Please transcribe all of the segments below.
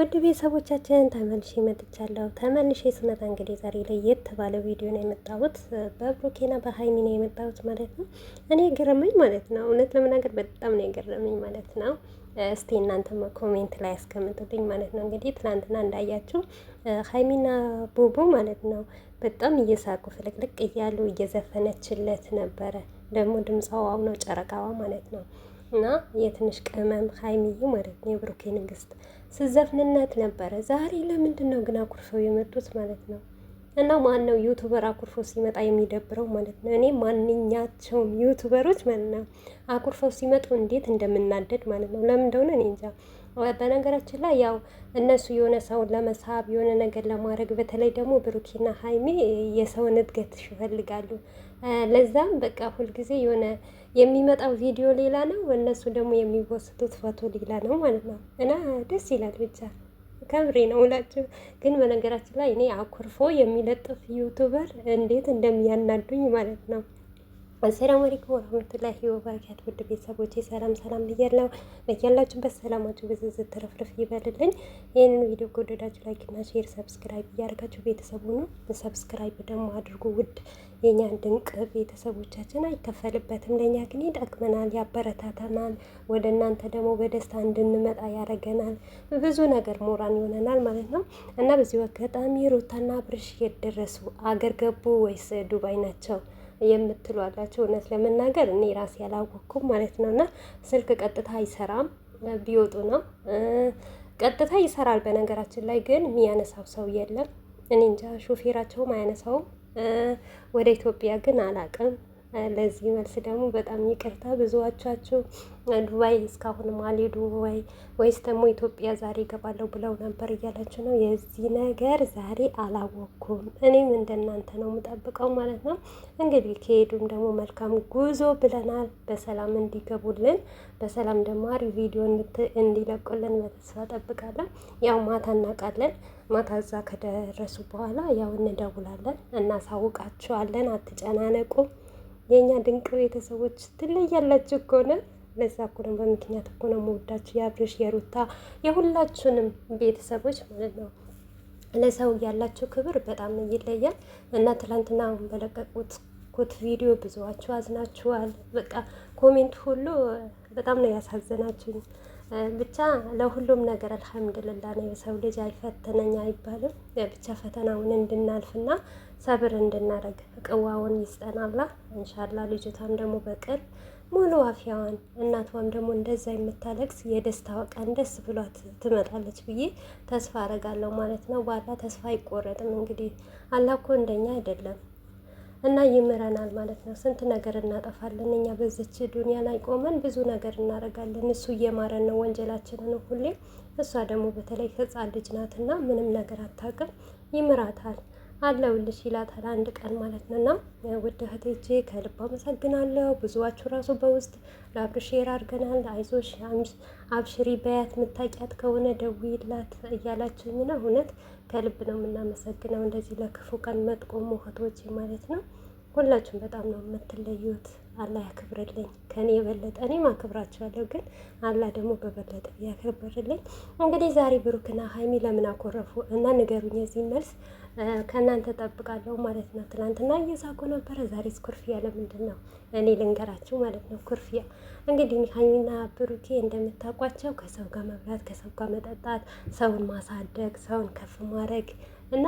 ወደ ቤተሰቦቻችን ተመልሼ መጥቻለሁ። ተመልሼ ስመጣ እንግዲህ ዛሬ ላይ የተባለ ቪዲዮ ነው የመጣሁት። በብሩኬና በሀይሚ ነው የመጣሁት ማለት ነው። እኔ ገረመኝ ማለት ነው፣ እውነት ለመናገር በጣም ነው የገረመኝ ማለት ነው። እስቲ እናንተም ኮሜንት ላይ አስቀምጡልኝ ማለት ነው። እንግዲህ ትናንትና እንዳያችሁ ሀይሚና ቦቦ ማለት ነው በጣም እየሳቁ ፍልቅልቅ እያሉ እየዘፈነችለት ነበረ። ደግሞ ድምፃዋው ነው ጨረቃዋ ማለት ነው። እና የትንሽ ቅመም ሀይሚዩ ማለት ነው የብሩኬ ንግስት ስዘፍንነት ነበረ። ዛሬ ለምንድን ነው ግን አኩርሰው የመጡት ማለት ነው? እና ማን ነው ዩቱበር አኩርፎ ሲመጣ የሚደብረው ማለት ነው። እኔ ማንኛቸውም ዩቱበሮች ማለት ነው ሲመጡ እንዴት እንደምናደድ ማለት ነው። ለምን እንደሆነ እኔ እንጃ። በነገራችን ላይ ያው እነሱ የሆነ ሰውን ለመሳብ የሆነ ነገር ለማድረግ በተለይ ደግሞ ብሩኪና ሀይሚ የሰውን እድገት ይፈልጋሉ። ለዛም በቃ ሁልጊዜ የሆነ የሚመጣው ቪዲዮ ሌላ ነው፣ እነሱ ደግሞ የሚወስዱት ፎቶ ሌላ ነው ማለት ነው። እና ደስ ይላል ብቻ ከምሬ ነው እላቸው። ግን በነገራችን ላይ እኔ አኩርፎ የሚለጥፍ ዩቱበር እንዴት እንደሚያናዱኝ ማለት ነው። አሰላሙ አለይኩም ወራህመቱላሂ ወበረካቱ ውድ ቤተሰቦቼ ሰላም ሰላም ብያለሁ። በያላችሁበት ሰላማችሁ በዝዝ ትርፍርፍ ይበልልኝ። ይህንን ቪዲዮ ከወደዳችሁ ላይክ እና ሼር፣ ሰብስክራይብ እያደረጋችሁ ቤተሰቡ ነው። ሰብስክራይብ ደግሞ አድርጉ ውድ የኛ ድንቅ ቤተሰቦቻችን። አይከፈልበትም ለእኛ ግን ይጠቅመናል፣ ያበረታተናል። ወደ እናንተ ደግሞ በደስታ እንድንመጣ ያደረገናል። ብዙ ነገር ሞራን ይሆነናል ማለት ነው እና በዚሁ አጋጣሚ ሩታና አብርሽ የደረሱ አገር ገቡ ወይስ ዱባይ ናቸው? የምትሉ እውነት ለመናገር እኔ ራሴ ያላወቅኩም ማለት ነው። እና ስልክ ቀጥታ አይሰራም ቢወጡ ነው ቀጥታ ይሰራል። በነገራችን ላይ ግን የሚያነሳው ሰው የለም። እኔ እንጃ ሾፌራቸውም አያነሳውም። ወደ ኢትዮጵያ ግን አላቅም ለዚህ መልስ ደግሞ በጣም ይቅርታ። ብዙዎቻችሁ ዱባይ እስካሁን አልሄዱ ወይ ወይስ ደግሞ ኢትዮጵያ ዛሬ ይገባለሁ ብለው ነበር እያላችሁ ነው። የዚህ ነገር ዛሬ አላወኩም። እኔም እንደናንተ ነው የምጠብቀው ማለት ነው። እንግዲህ ከሄዱም ደግሞ መልካም ጉዞ ብለናል። በሰላም እንዲገቡልን፣ በሰላም ደግሞ አሪፍ ቪዲዮ እንዲለቁልን በተስፋ ጠብቃለን። ያው ማታ እናውቃለን። ማታ እዛ ከደረሱ በኋላ ያው እንደውላለን፣ እናሳውቃችኋለን። አትጨናነቁ። የእኛ ድንቅ ቤተሰቦች ትለያላችሁ ከሆነ ለዛ እኮ ነው በምክንያት እኮ ነው መወዳችሁ የአብርሽ የሩታ የሁላችሁንም ቤተሰቦች ማለት ነው። ለሰው ያላችሁ ክብር በጣም ይለያል እና ትላንትና አሁን በለቀቁት ኮት ቪዲዮ ብዙዋችሁ አዝናችኋል። በቃ ኮሜንት ሁሉ በጣም ነው ያሳዘናችሁኝ። ብቻ ለሁሉም ነገር አልሐምድልላ ነው። የሰው ልጅ አይፈተነኝ አይባልም። ብቻ ፈተናውን እንድናልፍና ሰብር እንድናደርግ ቅዋውን ይስጠናላ እንሻላ። ልጅቷም ደግሞ በቅርብ ሙሉ አፍያዋን እናቷም ደግሞ እንደዛ የምታለቅስ የደስታ ቀን ደስ ብሏት ትመጣለች ብዬ ተስፋ አረጋለሁ ማለት ነው። ባላ ተስፋ አይቆረጥም። እንግዲህ አላኮ እንደኛ አይደለም እና ይምረናል ማለት ነው። ስንት ነገር እናጠፋለን እኛ በዚች ዱኒያ ላይ ቆመን ብዙ ነገር እናደርጋለን። እሱ እየማረን ነው ወንጀላችንን ሁሌ። እሷ ደግሞ በተለይ ህፃን ልጅ ናትና ምንም ነገር አታውቅም፣ ይምራታል። አለውልሽ ይላታል። አንድ ቀን ማለት ነው። እና ውድ እህቴ ከልብ አመሰግናለሁ። ብዙዋችሁ ራሱ በውስጥ ለአብርሽ ሼር አድርገናል። አይዞሽ አብሽሪ በያት ምታቂያት ከሆነ ደውይላት እያላችሁኝ ነው። እውነት ከልብ ነው የምናመሰግነው። እንደዚህ ለክፉ ቀን መጥቆሙ እህቶቼ ማለት ነው። ሁላችሁም በጣም ነው የምትለዩት። አላህ ያክብርልኝ። ከኔ የበለጠ እኔም አክብራቸዋለሁ፣ ግን አላህ ደግሞ በበለጠ ያክብርልኝ። እንግዲህ ዛሬ ብሩክና ሀይሚ ለምን አኮረፉ እና ንገሩኝ። የዚህ መልስ ከእናንተ ጠብቃለሁ ማለት ነው። ትናንትና እየሳቁ ነበረ፣ ዛሬስ ኩርፊያ ለምንድን ነው? እኔ ልንገራችሁ ማለት ነው። ኩርፊያ እንግዲህ ሀይሚና ብሩኬ እንደምታውቋቸው ከሰው ጋር መብላት፣ ከሰው ጋር መጠጣት፣ ሰውን ማሳደግ፣ ሰውን ከፍ ማድረግ እና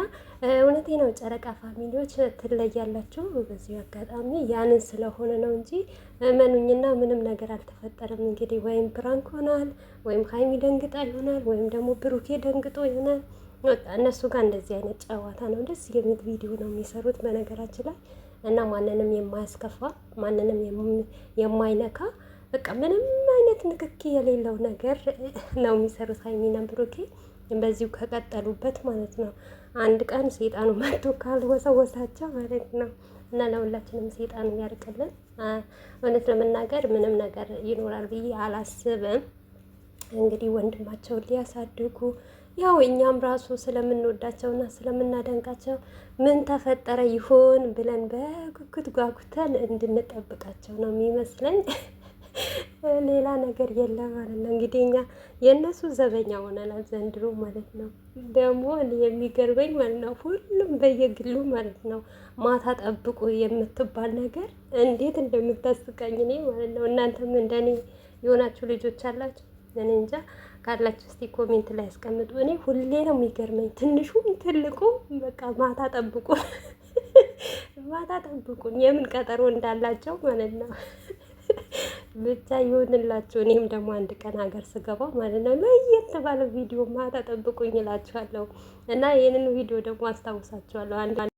እውነቴ ነው ጨረቃ ፋሚሊዎች ትለያላችሁ። በዚሁ አጋጣሚ ያንን ስለሆነ ነው እንጂ መኑኝና ምንም ነገር አልተፈጠረም። እንግዲህ ወይም ፕራንክ ሆናል፣ ወይም ሀይሚ ደንግጣ ይሆናል፣ ወይም ደግሞ ብሩኬ ደንግጦ ይሆናል። በቃ እነሱ ጋር እንደዚህ አይነት ጨዋታ ነው። ደስ የሚል ቪዲዮ ነው የሚሰሩት በነገራችን ላይ እና ማንንም የማያስከፋ ማንንም የማይነካ በቃ ምንም አይነት ንክኪ የሌለው ነገር ነው የሚሰሩት ሀይሚና ብሩኬ። በዚሁ ከቀጠሉበት ማለት ነው አንድ ቀን ሴጣኑ መጥቶ ካልወሰወሳቸው ማለት ነው። እና ለሁላችንም ሴጣኑ ያርቅልን። እውነት ለመናገር ምንም ነገር ይኖራል ብዬ አላስብም። እንግዲህ ወንድማቸውን ሊያሳድጉ ያው እኛም ራሱ ስለምንወዳቸውና ስለምናደንቃቸው ምን ተፈጠረ ይሆን ብለን በጉጉት ጓጉተን እንድንጠብቃቸው ነው የሚመስለኝ። ሌላ ነገር የለም ማለት ነው። እንግዲህ እኛ የእነሱ ዘበኛ ሆነናል ዘንድሮ ማለት ነው። ደግሞ የሚገርበኝ ማለት ነው ሁሉም በየግሉ ማለት ነው ማታ ጠብቁ የምትባል ነገር እንዴት እንደምታስቀኝ እኔ ማለት ነው። እናንተም እንደኔ የሆናችሁ ልጆች አላችሁ? እኔ እንጃ ካላችሁ እስቲ ኮሜንት ላይ ያስቀምጡ። እኔ ሁሌ ነው የሚገርመኝ፣ ትንሹም ትልቁ በቃ ማታ ጠብቁ ማታ ጠብቁን የምን ቀጠሮ እንዳላቸው ማለት ነው። ብቻ ይሆንላችሁ። እኔም ደግሞ አንድ ቀን ሀገር ስገባ ማለት ነው ለየት ባለ ቪዲዮ ማታ ጠብቁኝ እላችኋለሁ እና ይህንን ቪዲዮ ደግሞ አስታውሳችኋለሁ።